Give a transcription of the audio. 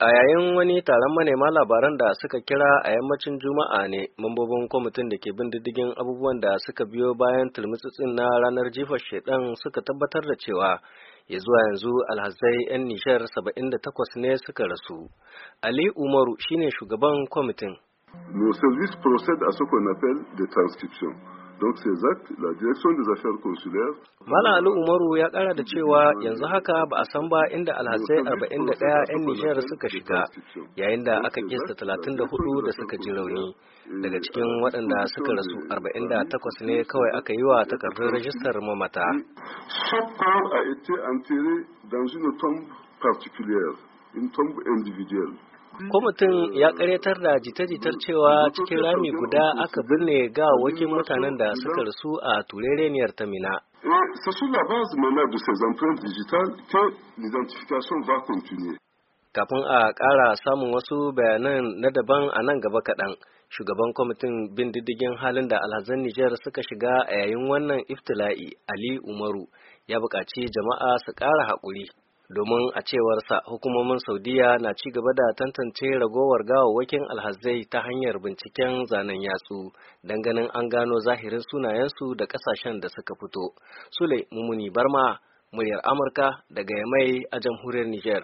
A yayin wani taron manema labaran da suka kira a yammacin Juma'a ne mambobin kwamitin da ke bin diddigin abubuwan da suka biyo bayan turmutsutsin na ranar jifar shedan suka tabbatar da cewa ya zuwa yanzu alhazai 'yan nishar 78 ne suka rasu. Ali Umaru shine shugaban kwamitin. Le service procède à ce qu'on Donc ces actes, la direction des affaires consulaires. Mala Ali Umaru ya kara da cewa yanzu haka ba a san ba inda alhassai 41 'yan Nijar suka shiga yayin da aka kista 34 da suka ji rauni. Daga cikin waɗanda suka rasu 48 ne kawai aka yi wa takardun rajistar mamata. Chaque a a an tere dans une tombe particulière, une tombe individuelle. ko mutum ya karyatar da jita-jitar cewa cikin rami guda aka binne gawakin mutanen da suka rasu a turereniyar ta mina kafin a ƙara samun wasu bayanan na daban a nan gaba kaɗan shugaban kwamitin bin diddigin halin da alhazan Nijar suka shiga a yayin wannan iftila'i Ali Umaru ya buƙaci jama'a su ƙara haƙuri domin a cewarsa hukumomin saudiya na ci gaba da tantance ragowar gawawwakin alhazai ta hanyar binciken zanen yatsu ganin an gano zahirin sunayensu da kasashen da suka fito sule mumuni barma muryar amurka daga yamai a jamhuriyar niger